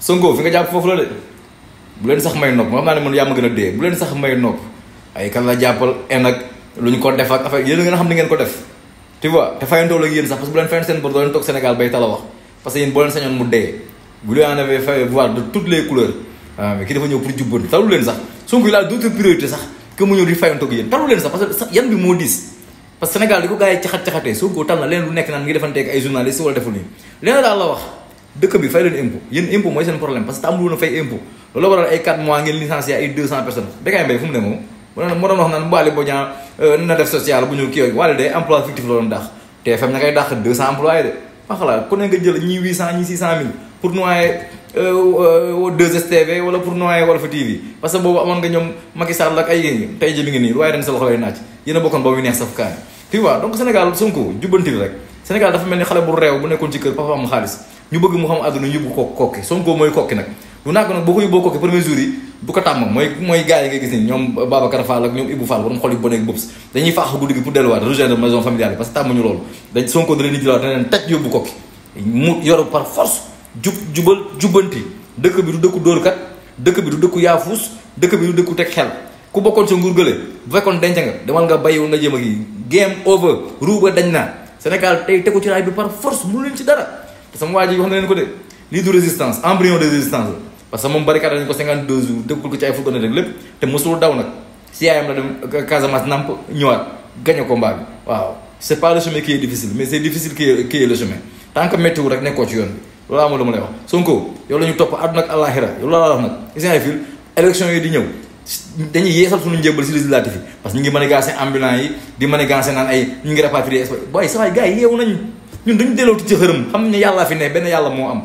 Sonko fi nga jàpp foofu la de bu leen sax may nopp ma xam naa ne man yaa ma gën a dee bu leen sax may nopp ay kan la jàppal en ak lu ñu ko def ak affaire yéen a ngeen ko def tu vois te fayantoo la yéen sax parce que bu leen fayan seen bor doo leen toog Sénégal bay boo ah, leen sax Sonko yi laa d'autres leen lu nekk naan ngi defante ak ay journalistes wala defu nii leen daal la wax deuk bi fay leen impôt yeen impôt moy sen problème parce que amuloon a fay impôt lolo waral ay 4 mois ngeen licencié ay 200 personnes kan da Bécaye mbay fum demo mo moom mo doon wax nan naan Waly euh na def social bu ñu yoy walé day emploi fictif lolo ndax té fam na ngay dakh 200 employés dé wax la ku ne nga jël ñi 800 ñi 600 mille pour noyer euh euh deux stv wala pour noyer Walf TV parce que bobu amoon nga ñom Macky Sall ak ay yeen tay ji mi ngi ni way dañ sa loxo lay nacc yeena bokkon bobu neex saf kaani fi wa donc Sénégal sunku jubbanti rek Sénégal dafa melni xalé bu rew bu nekkon ci kër papa am xaliss ñu bëgg mu xam ñu yóbbu ko kokki ko mooy kokki nag lu nak ko nag boo ko yóbboo kokki premier jour yi bu ko tam moy moy gaay yi nga gis ni ñom Babacar Fall ak ñom Ibou Fall borom xol yu bon ak dañuy faax guddi gi pour wat rejoindre maison familiale parce que ñu lool dañ son da dañ ni jëlaat da leen yobbu yóbbu kokki mu yoro par force jub jubal jubanti dekk bi du dëkku kat dekk bi du dëkku yaafuus dekk bi du dekk tek xel ku bokkoon ci nguur gele bu fekkon nga demal nga nga game over ruba dañ na senegal tay tegu ci ray bi par force mu leen ci dara sama waa ji wax na leen ko de lii du résistance embryon de résistance la parce que moom barricade nañu ko 52 jours dëkkul ko ci ay fukk na rek lépp te mosul daw nag si yaayam la dem Casamance namp ñëwaat gagné combat bi waaw c' pas le chemin qui est difficile mais c' est qui est le chemin tant que rek nekkoo ci yoon bi loolu amul lu ma lay wax Sonko yow la topp àdduna ak àllaaxira yow la la nag gis nga fil yi di ñëw dañuy yeesal suñu njëbal si législatif ñun dañu dellooti ci xërëm xam ne yàllaa fi ne benn yàlla moo am